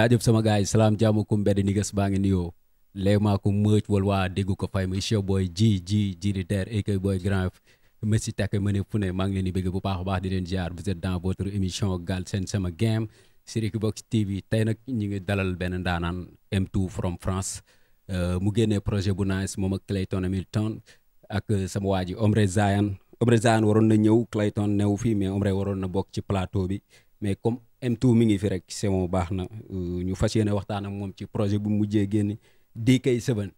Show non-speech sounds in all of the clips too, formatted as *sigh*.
jaajëf sama gars yi salaam jaamu kum mbedd ni ges baa ngi nuyoo léegi maa ko mëcc wala waa dégg ko fay muy chef booy ji ji ji di terre et booy grand messi takk ma ne fu ne maa ngi leen bëgg bu baax a baax di leen ziar vous êtes dans votre émission Galsen Sama Game sur Equivox TV tey nag ñu ngi dalal benn ndaanaan M2 from France euh, mu génne projet bu nice moom ak Clayton Hamilton ak euh, sama waa ji Omre Zayan Omre Zayan waroon na ñëw Clayton new fii mais Omre waroon na bokk ci plateau bi M2 mi ngi fi rek c'est bon baax na euh, ñu fas yéene waxtaan ak moom ci projet bu mujjee génn DK7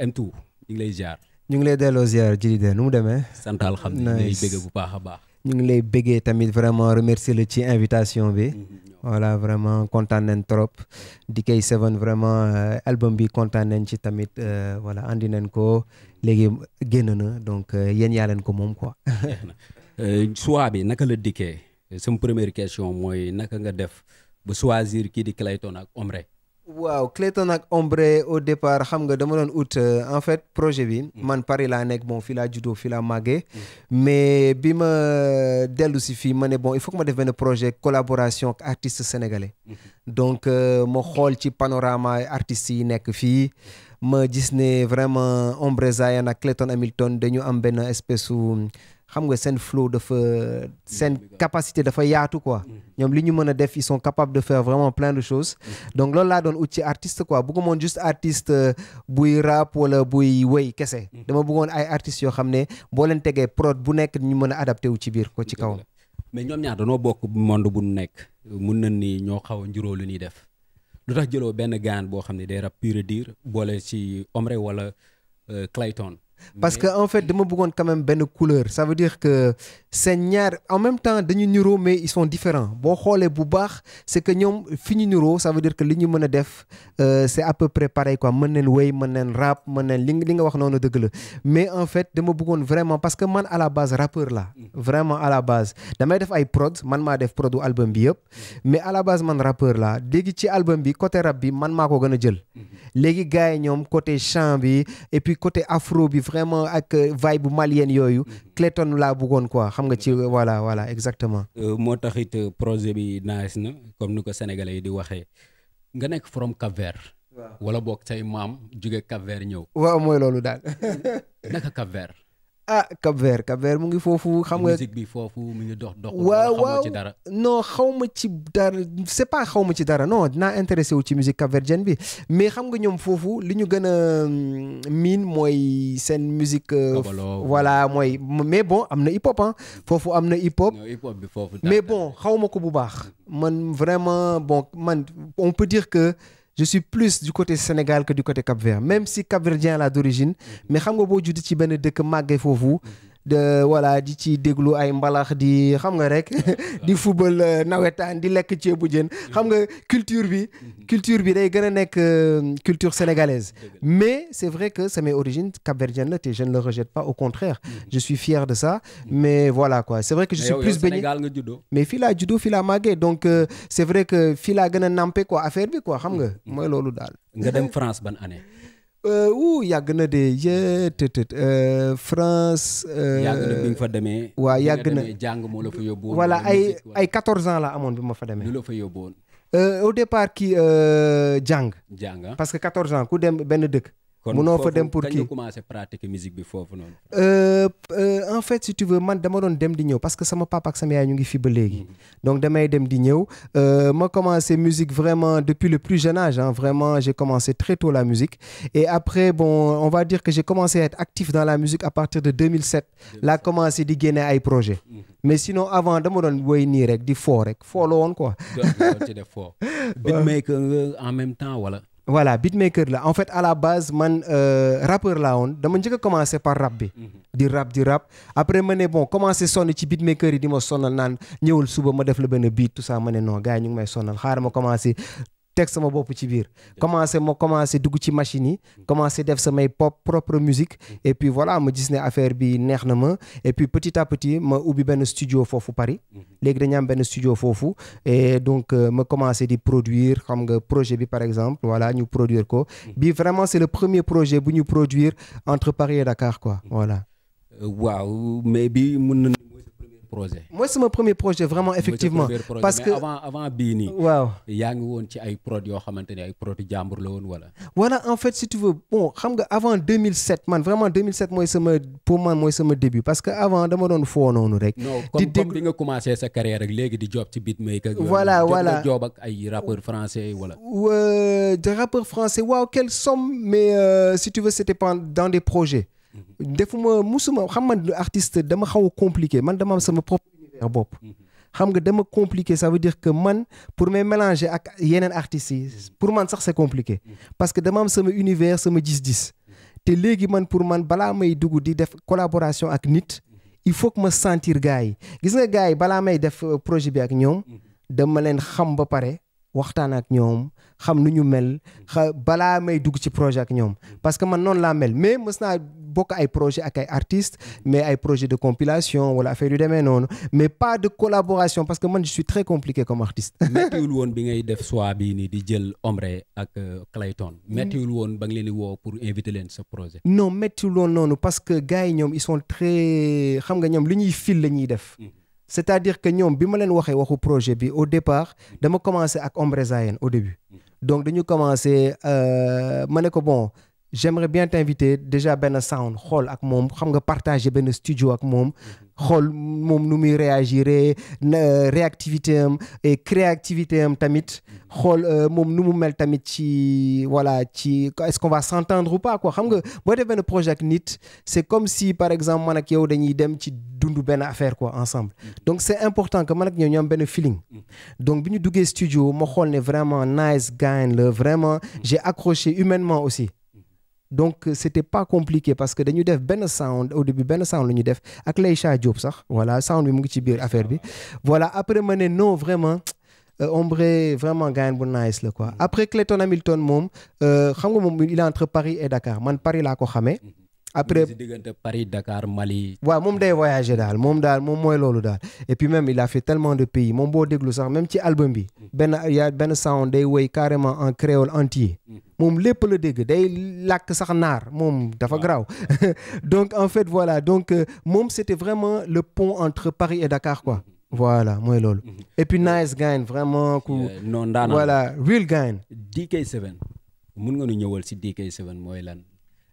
M2 ñu lay ger ñu ngi lay delloo ziar ji de nu mu demee. sant alhamdulilah ñu ngi bu baax a baax. ñu ngi lay bëggee tamit vraiment remercier la ci invitation bi. Mm-hmm, voilà vraiment kontaan nañ trop. DK7 vraiment euh, album bi kontaan nañ ci tamit euh, voilà andi nañ ko léegi génn na donc yéen yaa leen ko moom quoi. choix bi naka la dikkee. Euh, sama première question mooy naka nga def ba choisir kii di Clayton ak Ombre. waaw Clayton ak Ombre au départ xam nga dama doon ut euh, en fait projet bi. Mm. man Paris laa nekk bon fii laa juddoo fii laa màggee. Mm. mais bi ma euh, dellu si fii ma ne bon il faut que ma def benn projet collaboration ak artistes sénégalais. Mm-hmm. donc ma xool ci panorama artistes yi nekk fii. ma gis ne vraiment Ombre Zayan ak Clayton Hamilton dañu am benn espèce su. xam nga seen flow dafa seen capacité dafa yaatu quoi mm-hmm. ñoom li ñu mën a def ils sont capables de faire vraiment plein de choses mm-hmm. donc loolu laa doon ut ci artiste quoi bëggumoon juste artiste euh, buy rap wala buy wëy kese mm-hmm. dama bëggoon ay artistes yoo xam ne boo leen tegee prod bu nekk ñu mën a adapté wu ci biir ko ci kawam mais ñoom ñaar danoo bokk monde bu nekk mun na ni ñoo xaw a njuróo lu ñuy def lu tax jëloo benn gaan boo xam ne day rap pur et boole ci Omre wala euh, Clayton parce que en fait dama bëggoon quand même benn couleur ça veut dire que seen ñaar en même temps dañu niroo mais ils sont différents boo xoolee bu baax c'est que ñoom fi ñu niroo ça veut dire que li ñu mën a def euh, c'est à peu près pareil quoi mën neen wéy mën neen rap mën neen li li nga wax noonu dëgg la mais en fait dama buggoon vraiment parce que man à la base rappeur la vraiment à la base damay def ay prod man maa def produ album bi yëpp mais à la base man rappeur la léegi ci album bi côté bi man maa ko gën a jël mhm. bi et bi vraiment ak euh, vibe bu malienne yooyu mhm. Clayton laa bëggoon quoi xam nga ci mhm. voilà voilà exactement. Euh, moo taxit euh, projet bi nice na comme nu ko sénégalais yi di waxee nga nekk from cap wala boog say maam juge cap ñëw. waaw mooy loolu daal. naka cap ah Cap Vert Cap Vert mu ngi foofu xam nga. musique bi foofu mu ngi dox dox. waaw waaw dara. non xaw ma ci dara c'est pas xaw ma ci dara non dinaa intéressé wu ci musique capverdienne bi mais xam nga ñoom foofu li ñu gën a mm, miin mooy seen musique. Euh, voilà mooy mais bon am na hip hop ah. foofu am na hip hop. bi foofu mais bon xaw ma ko bu baax. man vraiment bon man on peut dire que. je suis plus du côté Sénégal que du côté Cap-Vert même si Cap-Verdien laa d'origine mm-hmm. mais xam nga boo judd ci benn dëkk màggee foofu mm-hmm. de voilà di ci déglu ay mbalaax di xam nga rek *laughs* di football euh, nawetaan di lekk ceebu jën xam nga culture bi mhm. culture bi day gën a nekk euh, culture sénégalaise mais c'est vrai que c'est mes origines capverdiennes la te je ne le rejette pas au contraire mhm. je suis fier de ça mhm. mais voilà quoi c'est vrai que je suis plus baigné mais fii laa juddoo fii laa màggee donc euh, c'est vrai que fii laa gën a nampé quoi affaire bi quoi xam nga mooy loolu daal dem France ban année wuu euh, yàgg na de yee të të euh, France. Euh, yàgg na bi fa demee. waa yàgg na jàng moo la fa yóbbu woon. ay ay 14 ans la amoon bi ma fa demee. fa yóbbu woon. au départ kii jàng. jàng ah. parce que 14 ans ku dem benn dëkk. munoo fa dem pour kii kon commencé pratiquer foofu noonu. Euh, euh, en fait si tu veux man dama doon dem di ñëw parce que sama papa ak sama yaay ñu ngi fi ba léegi. Mm-hmm. donc damay dem di ñëw euh, ma commencé musique vraiment depuis le plus jeune âge hein, vraiment j'ai commencé très tôt la musique. et après bon on va dire que j'ai commencé à être actif dans la musique à partir de 2007. laa commencé di génne ay projet mm-hmm. mais sinon avant dama doon woy nii rek di foo rek foo la woon ko *laughs* doon ci def *laughs* même temps wala. voilà beatmaker la en fait à la base man euh, rappeur la woon dama njëkk a commencé par rap bi. Mhm. di rap di rap après ma ne bon commencé sonn ci beatmaker yi di ma sonal naan ñëwul suba ma def la benn beat tout ça ma ne non yi ñu ngi may sonal xaaral ma commencé teg sama bopp ci biir commencé ma commencé dugg ci machine yi commencé def samay pop propre musique et puis voilà ma gis ne affaire bi neex na ma et puis petit à petit ma ubbi benn studio foofu Paris léegi dañu am benn studio foofu et donc euh, ma commencé di produire xam nga projet bi par exemple voilà ñu produire ko bi vraiment c'est le premier projet bu ñu produire entre Paris et Dakar quoi voilà euh, waaw mais bi mun na projet. mooy sama premier projet vraiment effectivement. Projet. parce mais que avant avant waaw yaa ngi woon ci ay prod yoo xamante ay prod jàmbur la woon wala. en fait si tu veux bon xam nga avant 2007 man vraiment mooy sama pour début parce que avant dama doon foo noonu rek. di dégg voilà voilà job ak français waaw quelle somme mais euh, si tu veux c'était dans des projets. defuma musuma xam man artiste dama xaw a compliqué man dama am sama propre univers bopp. xam nga dama compliqué ça veut dire que man pour me mélanger ak yeneen artistes yi pour man sax c'est compliqué. parce que dama am sama univers sama gis-gis. te léegi man pour man balaa may dugg di def collaboration ak nit. il faut que ma sentir gars yi gis nga gars yi balaa may def euh, projet bi ak ñoom. dama leen xam ba pare waxtaan ak ñoom xam nu ñu mel. balaa may dugg ci projet ak ñoom. bokk ay projet ak ay artistes mais ay projet de compilation wala affaire yu demee noonu mais pas de collaboration parce que man je suis très compliqué comme artiste. *laughs* méttiwul woon bi ngay def soit bii nii di jël Omre ak euh, Clayton. méttiwul mm. woon ba nga leen di woo pour inviter leen sa projet. non méttiwul woon noonu parce que gars yi ñoom ils sont très xam nga ñoom li ñuy fil la ñuy def. Mm. c'est-à-dire que ñoom bi ma leen waxee waxu projet bi au départ mm. dama commencé ak Ombre Zayen au début donc dañu commencé euh, ma ne ko bon. j'aimerais bien t'inviter déjà benn sound xool ak moom xam nga partager benn studio ak moom xool moom nu muy réagir réactivité am et créativité am tamit xool euh, moom nu mu mel tamit ci voilà ci est-ce qu'on va s'entendre pas quoi xam nga boo def benn projet ak nit c'est comme si par exemple man ak yow dañuy dem ci dundu benn affaire quoi ensemble donc c'est important que man ak ñoom ñoom benn feeling donc bu ñu duggee studio ma xool ne vraiment nice gars la vraiment j'ai accroché humainement aussi donc euh, c'était pas compliqué parce que dañu def benn sound au début benn sound lu ñu def ak Laycha Diop sax voilà sound bi mu ngi ci biir affaire bi voilà après ma ne non vraiment euh, ombre vraiment gaayen bu nice la quoi après Clayton Hamilton moom euh, xam nga moom il est entre Paris et Dakar man Paris laa ko xamee après si diggante Paris Mali. waaw moom day voyager daal moom daal moom mooy loolu daal et puis même il a fait tellement de pays moom boo déglu sax même ci album bi. Mm. benn benn sound day woy carrément en créole entier. Mm. moom lépp la dégg day lakk sax naar moom dafa graw *laughs* donc en fait voilà donc euh, moom c'était vraiment le pont entre Paris et Dakar quoi. Mm-hmm. voilà mooy loolu. Mm-hmm. et nice gain vraiment ku. non daanaka voilà real gain. DK7. mun nga nu ñëwal si DK7 mooy lan.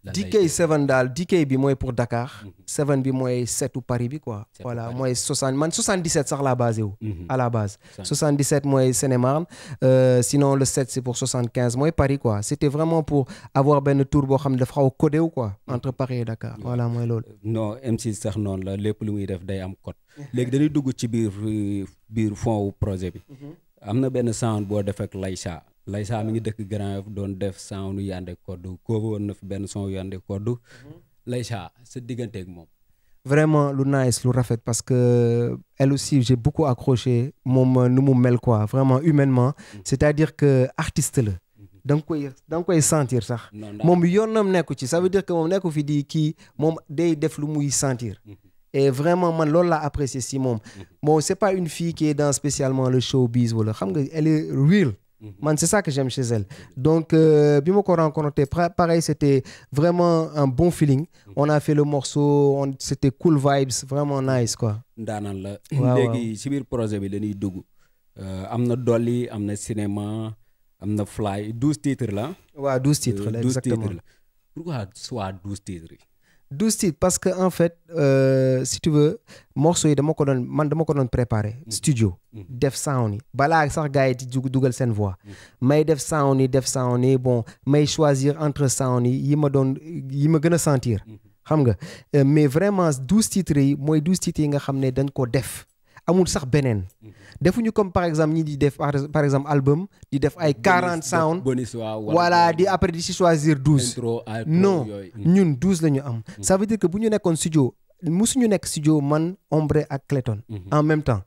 DK 7 daal DK bi mooy pour Dakar. 7 mhm. bi mooy setu Paris bi quoi. voilà mooy 60 man 77 sax la base yow. Mhm. à la base. 77 mooy seine mooy marne euh, sinon le 7 c'est pour 75 mooy Paris quoi c'était vraiment pour avoir benn tour boo xam ne xaw a codé wu quoi mhm. entre Paris et Dakar voilà mooy loolu. Euh, non M6 sax noon la lépp lu muy def day am code. léegi dañuy dugg ci biir euh, biir fond projet bi. am na benn sound boo def ak Laycha. Laysa mu ngi dëkk Grand doon def son nu Yandé Codou koobu woon na fi benn son Yandé Codou mhm. Laysa sa digganteeg moom. vraiment lu nice lu rafet parce que elle aussi j'ai beaucoup accroché moom euh, nu mu mel quoi vraiment humainement. Mhm. c'est-à-dire que artiste la. Mhm. da nga koy da nga koy sentir sax. moom mu nekku ci sa veut dire que moom nekku fi di kii moom day def lu muy sentir. et vraiment man loolu laa apprécié si moom. bon c'est pas une fille qui est dans spécialement le showbiz wala xam nga elle est Mhm. man c'est ça que j'aime chez elle donc euh, bi ma ko rencontré pareil c'était vraiment un bon feeling mhm. on a fait le morceau on c'était cool vibes vraiment nice quoi ndaanaan la léegi si biir projet bi la dañuy dugg euh, am na dolli am na cinéma am na fly douze titres la waa douze titres euh, la exactement pourquoi soit douze titres yi douze titres parce que en fait euh, si tu veux morceau yi dama ko doon man dama ko doon préparer mm-hmm. studio mm-hmm. def sound yi balaa sax gars yi di dugal seen voix mm-hmm. may def sound yi def sound yi bon may choisir entre sound yi yi ma doon yi ma gën a sentir xam nga euh, mais vraiment douze titres yi mooy douze titres yi nga xam ne dañ ko def amul sax beneen. Mhm. defuñu comme par exemple ñi di def par exemple album. di def ay 40 sound bonus voilà di après di si choisir 12. non ñun 12 lañu am. Mhm. ça veut dire que bu ñu nekkoon studio musuñu nekk studio man Ombre ak Clayton. Mhm. en même temps.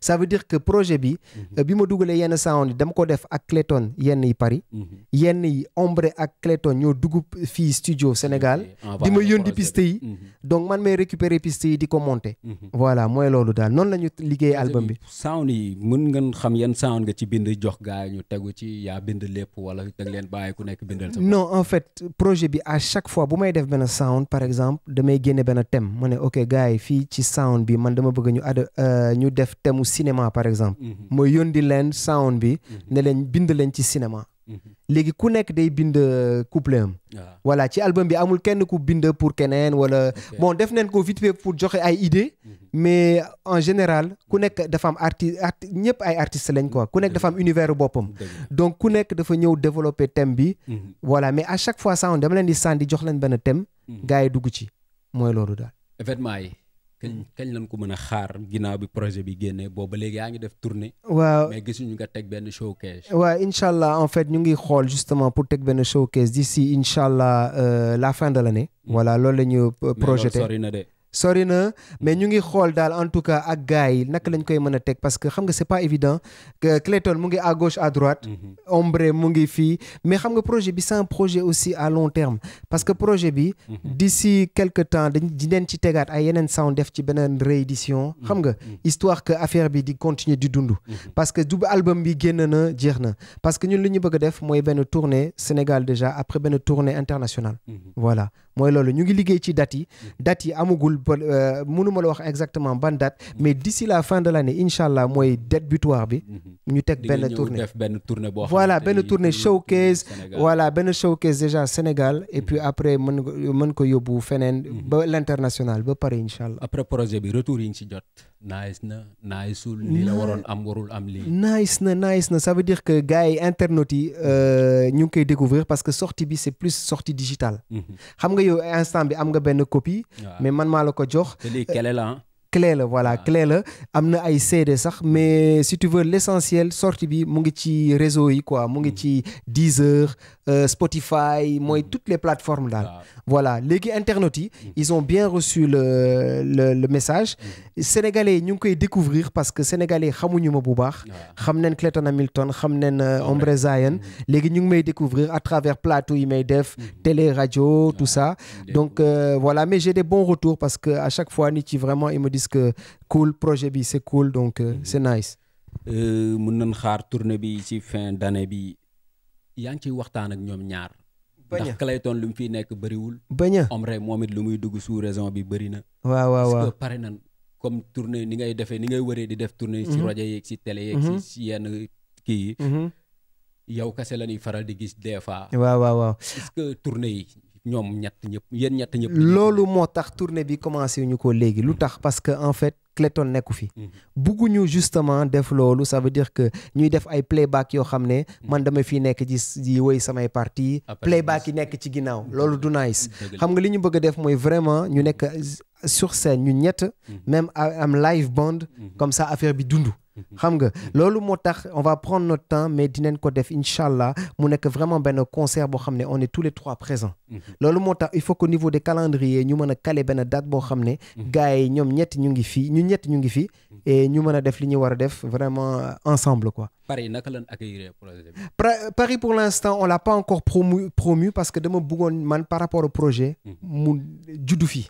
ça veut dire que projet bi. Mhm. Euh, bi ma dugalee yenn sound yi dama ko def ak Clayton yenn yi Paris. Mhm. yenn yi Ombre ak Clayton ñoo dugub fii studio Sénégal. di ma yónni piste yi. donc man may récupérer piste yi di ko monter. voilà mooy loolu daal noon la ñu liggéey album bi. sound yi mën ngeen xam yan sound nga ci bind jox gaa ñu tegu ci yaa bind lépp wala dag leen bàyyi ku nekk bindal sa non en fait projet bi à chaque bu may def benn sound par exemple damay génne benn thème ne ok gars yi fii ci sound bi man dama bëgg ñu ad euh, ñu def thème cinéma par exemple. ma mm-hmm. yóndi leen sound bi. Mm-hmm. ne leen bind leen ci cinéma. Mm-hmm. léegi ku nekk day bind euh, couplet am. Ah. voilà ci album bi amul kenn ku bind pour keneen wala. bon def neen ko vite fait pour joxe ay idées. mais en général ku nekk dafa am arti arti ñëpp ay artistes lañ quoi ku nekk dafa am univers boppam. donc ku nekk dafa ñëw développer thème bi. voilà mais à chaque fois sound dama leen di sànni jox leen benn thème. gars yi dugg ci mooy loolu daal. événement yi. kañ mm. kañ lañ ko mën a xaar ginnaaw bi projet bi génnee booba ba léegi yaa ngi def tournée. waaw mais gisuñu nga teg benn showcase. waaw incha allah en fait ñu ngi xool justement pour teg benn showcase d'ici incha allah euh, la fin de l'année. Mm. voilà loolu la ñu euh, projeté mais de. sori na mais ñu ngi xool daal en tout cas ak gars yi naka lañ koy mën a teg parce que xam nga c'est pas évident que Clayton mu ngi à gauche à droite. Mm-hmm. Ombre mu ngi fii mais xam nga projet bi c'est projet aussi à long terme parce que projet bi. Mm-hmm. di si quelque temps dañ dinañ ci tegaat ay yeneen sound def ci beneen réédition. xam nga mm-hmm. histoire que affaire bi di continuer di dund. parce que double album bi génn na jeex na parce que ñun li ñu bëgg def mooy benn tournée Sénégal déjà après benn tournée internationale. voilà. mooy loolu ñu ngi liggéey ci dates yi dates yi amagul euh, mënuma la wax exactement ban date mm-hmm. mais d'ici la fin de l'année incha allah mooy date bi mm-hmm. ñu teg benn tournée voilà benn tournée showcase voilà benn showcase déjà Sénégal et mm-hmm. puis après mën mën ko yóbbu feneen ba l'international ba pare incha après projet bi retour yi ñu ci jot nice na niceul lii la waroon am warul am lii. nice na nice na ça veut dire que gars yi internautes yi euh, ñu ngi koy découvrir parce que sortie bi c' est plus sortie digital mhm. xam nga yow instant bi am nga benn copie. mais man maa la ko jox. te lii kele clé la voilà ah. la am na ay CD sax mais si tu veux l'essentiel sortie bi mu ngi ci réseau yi quoi mu ngi mm. ci Deezer euh, Spotify mooy mm. toutes les plateformes daal ah. voilà léegi internautes yi mm. ils ont bien reçu le le le message sénégalais yi ñu ngi koy découvrir parce que yi xamuñu ma bu baax ah. xam nañ Clayton Hamilton xam nañ euh, Ombre Zayen léegi ñu ngi may découvrir à travers plateau yi may def télé radio tout ça donc euh, voilà mais j'ai des bons retours parce que à chaque fois gis que cool projet bi c'est cool donc euh, c'est mhm. nice. Euh, mën nañ xaar tournée bi si fin d'année bi yaa ngi ciy waxtaan ak ñoom ñaar. bañ a ndax fiy nekk bëriwul. bañ a moom it lu muy dugg sous raison bi bëri na. waaw waaw waaw que pare nan comme tournée ni ngay defee ni ngay wëree di def tournée. ci mhm. rajo yeeg ci télé yeeg. ci mhm. yenn kii yi. yow di gis que tournée yi ñoom ñett ñëpp yéen ñett ñëpp. loolu moo tax tournée bi commencé ñu ko léegi lu mm. tax parce que en fait Clayton nekku fi. Mm. bugguñu justement def loolu ça veut dire que ñuy def ay playback yoo xam ne. Mm. man dama fi nekk di di woy samay parties. playback yi nekk ci ginnaaw loolu du nice. xam nga li ñu bëgg a def mooy vraiment ñu nekk sur scène ñu ñett. même am live band. comme ça affaire bi dundu xam nga loolu moo tax on va prendre notre temps mais dinañ ko def incha allah mu nekk vraiment benn concert boo xam ne on est tous les trois présents. Mhm. loolu moo tax il faut qu'au niveau des calendriers ñu mën a caler benn date boo xam ne. Mhm. gars yi ñoom ñett ñu ngi fii ñu ñett ñu ngi fii. Mhm. et ñu mën a def li ñu war a def vraiment ensemble quoi. Paris naka lañ accueillir projet bi. Paris pour l'instant on l'a pas encore promu promu parce que dama bëggoon man par rapport au projet. mu juddu fii.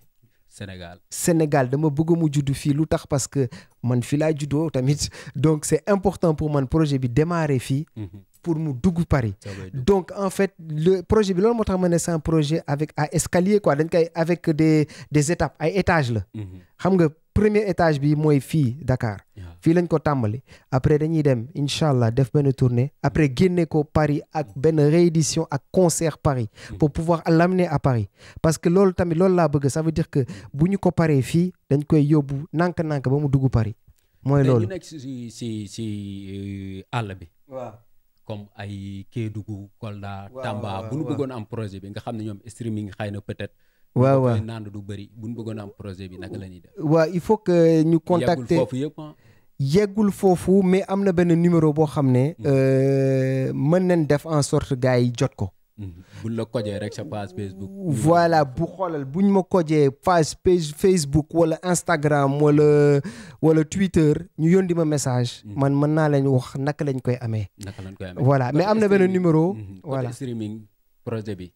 Sénégal Sénégal dama bëgg mu juddu fii lu tax parce que man fii laa juddoo tamit *laughs* donc c'est important pour man projet bi démarrer fii. Mhm. pour mu dugg Paris donc en fait le projet bi loolu moo tax ma ne c'est projet avec à escalier quoi dañ koy avec des des étapes ay étage la mhm. xam nga premier étage bi mooy fii dakaar fii lañ ko tàmbali après dañuy dem incha allah def benn tournée après génne ko Paris ak benn réédition ak concert Paris mhm. pour pouvoir l'amener à Paris parce que loolu tamit loolu laa bëgg ça veut bu ñu ko paree fii dañ koy yóbbu nank-nank ba mu dugg Paris mooy loolu nekk si si si euh, àll bi comme ay Kédougou Kolda. Tamba bu nu bëggoon am projet bi nga xam ne ñoom streaming xëy na peut-être. waaw waaw du bëri bu nu bëggoon am projet bi naka la ñuy def. il faut que ñu contacter yeggul foofu yëpp ah. yeggul foofu mais am na benn numéro boo xam ne. Hmm. Euh, mën nañ def en sorte gars yi jot ko. buñ la kojee rek sa page Facebook. voilà bu xoolal buñ ma kojee page page Facebook wala Instagram wala wala Twitter ñu yónni ma message. Mm-hmm. man mën naa leen wax naka lañ koy amee. naka lañ koy voilà mais am na benn numéro. Mm-hmm. voilà streaming projet bi.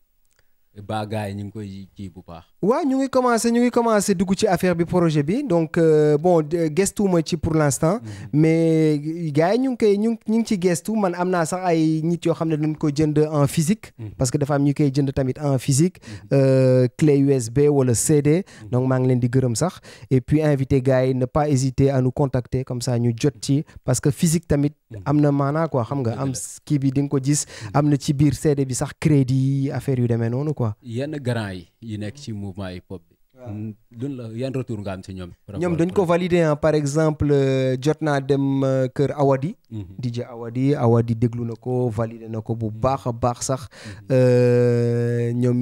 ba gars yi ñu ngi koy kii bu baax. waaw ñu ngi commencé commencé dugg ci affaire bi projet bi donc euh, bon gëstuwuma ci pour l' instant. Mhm. mais euh, gars yi ñu ngi koy ñu ñu ngi ci gëstu man am naa sax ay nit yoo xam ne dañ ko jënd en physique. Mm parce que dafa am ñu koy jënd tamit en physique. Mm -hmm. euh, clé USB wala CD. Mhm. donc maa ngi leen di gërëm sax et puis invité gars yi ne pas hésiter a nous contacter comme sa ñu jot ci parce que physique tamit mhm. am na maanaa quoi xam nga am kii bi di ko gis am na ci biir CD bi sax crédit affaire yu demee noonu quoi. quoi. yenn grand yi yi nekk ci mouvement hip hop bi. duñ la yan retour nga am ci ñoom. ñoom dañ ko valider ah par exemple euh, jot naa dem euh, kër Awadi. Mhm. DJ Awadi Awadi déglu na ko valider na ko bu mhm. baax a baax sax. Mhm. Euh, ñoom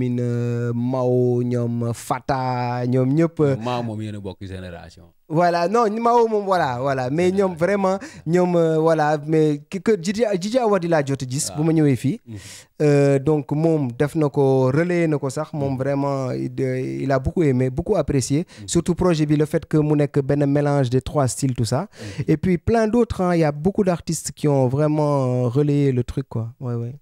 Mao ñoom Fata ñoom ñëpp. Mao moom yéen bokk génération. voilà non Mao moom voilà voilà mais ñoom vraiment ñoom euh, voilà mais ki kër Djidji Djidji Awadi laa jot a ah. bu ma ñëwee fii. Mhm. Euh, donc moom def na ko relayé na ko sax moom mhm. vraiment euh, il a beaucoup aimé beaucoup apprécier mhm. surtout projet bi le fait que mu nekk benn mélange des trois styles tout ça. et puis plein d'autres il y a beaucoup d'artistes qui ont vraiment relayé le truc quoi ouais ouais.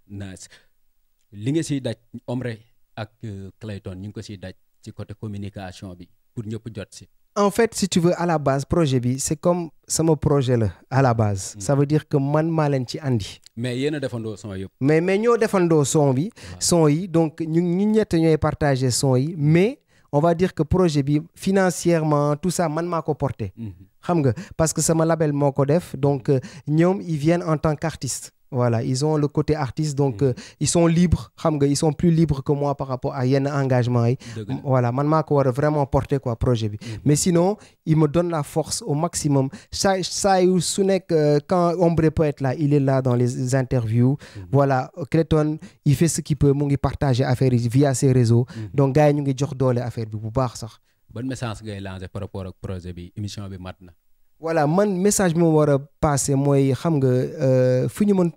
li nga siy daj ombre ak euh, Clayton ñu ngi ko si daj ci côté communication bi pour ñëpp jot si. en fait si tu veux à la base projet bi c'est comme sama projet la à la base. Mm. ça dire que man maa leen ci andi. mais yéen defandoo son yëpp. mais mais ñoo defandoo son bi. Ah. son yi donc ñu ñu ñett ñooy partagé son yi mais on va dire que projet bi financièrement tout ça man maa ko porté. Hmm. xam nga parce que sama label moo ko def donc euh, ñoom ils viennent en tant qu'artiste. voilà ils ont le côté artiste donc mm. euh, ils xam nga ils sont plus libres que moi par rapport a yenn engagement yi voilà man maa ko war vraiment porter quoi projet bi mm-hmm. mais sinon i ma donne la force au maximum saa saa yu su nekk euh, quand Ombre Poète la il est là dans les interviews mm-hmm. voilà Clayton il fait ce qu'il peut mu ngi partager affaire yi via ses réseaux mm-hmm. donc gars yi ñu ngi jox doole affaire bi bu baax sax ban message ngay lancer par rapport ak projet bi émission bi mat na voilà man message bi ma war a passé mooy xam nga euh, fu ñu mën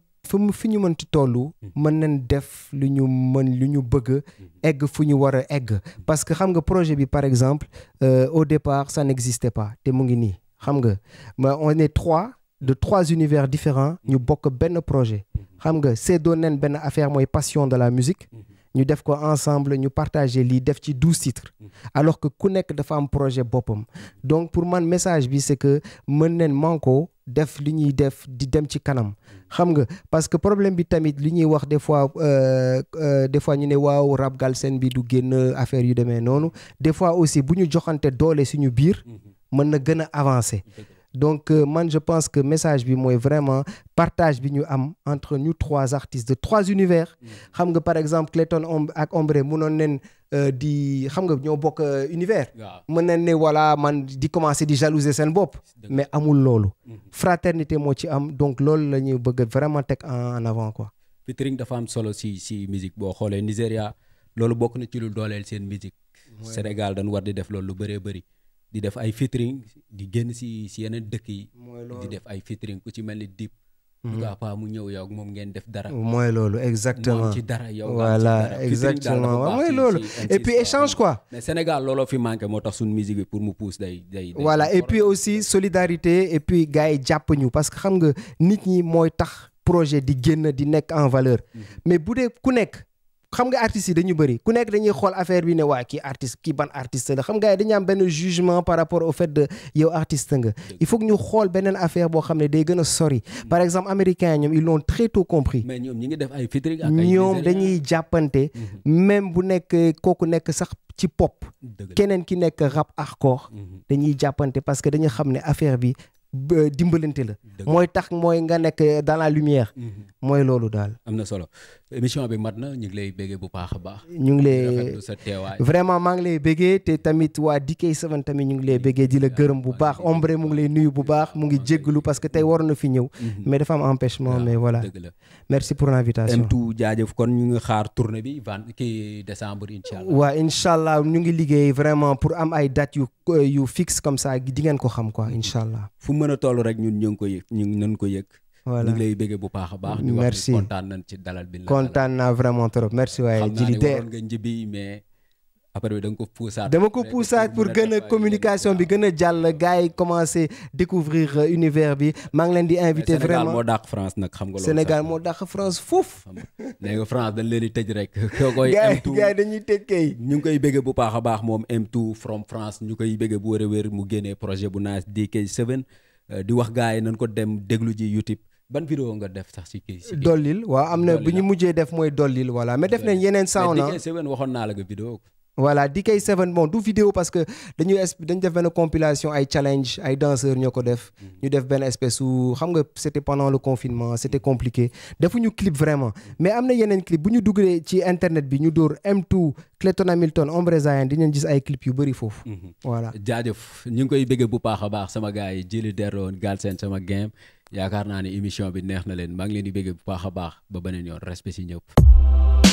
fu ñu mënti toll hmm. mën nañ def lu ñu mën lu ñu bëgg hmm. egg fu ñu war a egg hmm. parce que xam nga projet bi par exemple euh, au départ ça n'existait pas te mu ngi nii xam nga mais on est trois de trois univers différents ñu bokk benn projet xam nga seddoo nañ benn affaire mooy passion de la musique ñu def ko ensemble ñu partager lii def ci douze titres mm. alors que ku nekk dafa am projet boppam donc pour man message bi c'est que mën neen manko def li ñuy def di dem ci kanam xam nga parce que problème bi tamit li ñuy wax des fois euh, euh, des fois ñu ne waaw rap galsen bi du génn affaire yu demee noonu des fois aussi bu ñu joxante doole suñu biir mm-hmm. mën na gën a avancer donc euh, man je pense que message bi mooy vraiment partage bi ñu am entre ñu trois artistes de trois univers xam nga par exemple Clayton Omb ak Ombre mënoon nen euh, di xam nga ñoo bokk euh, univers mën nañ ne voilà man di commencer di jalouser seen bopp mais amul loolu mhm. fraternité moo ci am donc loolu la ñuy bëgg vraiment teg en avant quoi featuring dafa am solo si si musique boo xoolee Nigéria loolu bokk na ci lu dooleel seen musique Sénégal dañ war di def loolu lu bëree bëri di def ay featuring di génn si yeneen dëkk yi. di def ay featuring ku ci mel ni Dip. du mhm. ko mu ñëw yow moom ngeen def dara. mooy loolu exactement ci dara yow. voilà exactement waaw mooy loolu. et échange quoi. mais Sénégal looloo fi manqué moo tax suñu musique bi pour mu pousse day day. voilà et puis aussi solidarité et puis gars yi jàpp ñu parce que xam nga nit ñi mooy tax projet di génn di nekk en valeur. Mhm. mais bu dee ku nekk. xam nga artistes yi dañu bëri ku nekk dañuy xool affaire bi ne waa kii artiste kii ban artiste la xam nga dañu am benn jugement par rapport au fait de yow artiste nga il faut ñu xool beneen affaire boo xam ne day gën a sori par exemple américain ñoom ils l'ont très tôt compris mais ñoom ñi ngi def ay featuring ak ay ñoom dañuy jàppante mhm. même bu nekk kooku nekk sax ci pop keneen ki nekk rap hardcore mhm. dañuy jàppante parce que dañu xam ne affaire bi dimbalante la mooy tax mooy nga nekk dans la lumière mhm. mooy loolu daal am na solo émission bi mat na ñu ngi lay béggee bu baax a baax. ñu ngi lay sa teewaay vraiment maa ngi lay béggee te tamit waa DK7 tamit ñu ngi lay béggee di la gërëm bu baax ombre mu ngi lay nuyu bu baax mu ngi jégglu parce que tey waroon na fi ñëw. Mhm. mais dafa am empêchement ah, mais voilà. merci pour l' invitation. M2 jaajëf kon ñu ngi xaar tournée bi vingt kii décembre incha allah. waaw incha allah ñu ngi liggéey vraiment pour am ay dates yu euh, yu fixe comme ça di ngeen ko xam quoi incha allah. fu mën a toll rek ñun ñu ngi ko ñu ngi ko yëg. voilà ñu ngi lay bëgg bu baax a baax. di wax ni kontaan nañ ci dalal bi. kontaan naa vraiment trop merci waaye. jili de xam mais. après bi da ko puusaat. dama ko puusaat pour gën communication bi gën a jàll gars yi commencé découvrir euh, univers bi maa ngi leen di invité. vraiment Sénégal moo dàq France nag xam nga Sénégal moo dàq France foofu. léegi France dañ leen di tëj rek. *laughs* koo dañuy tëj kay. ñu ngi koy bëgg bu baax a baax moom M2 from France ñu koy bëgg bu wér a wér mu génnee projet bu naas DK7. Euh, di wax gars yi nañ ko dem déglu ji YouTube ban vidéo nga def sax si kii si dollil waaw am na bu ñu mujjee def mooy dollil voilà mais def nañ yeneen sound na waxoon naa la nga vidéo ko voilà DK7 bon du vidéo parce que dañu dañuy dañu def benn compilation ay challenge ay danseurs ñoo ko def. Mm-hmm. ñu def benn espèce su xam nga c' était pendant le confinement c' était compliqué. defuñu clip vraiment mm-hmm. mais am na yeneen clip bu ñu duggee ci internet bi ñu dóor M2 Clayton Hamilton Ombre Zayen di ngeen gis ay clip yu bëri foofu. Mm-hmm. voilà jaajëf ñu ngi koy bu baax a baax sama gars yi jëli derroon Galsen sama game yaakaar naa ne émission bi neex na leen maa leen di bëggee bu baax a ba beneen yoon respect si ñëpp.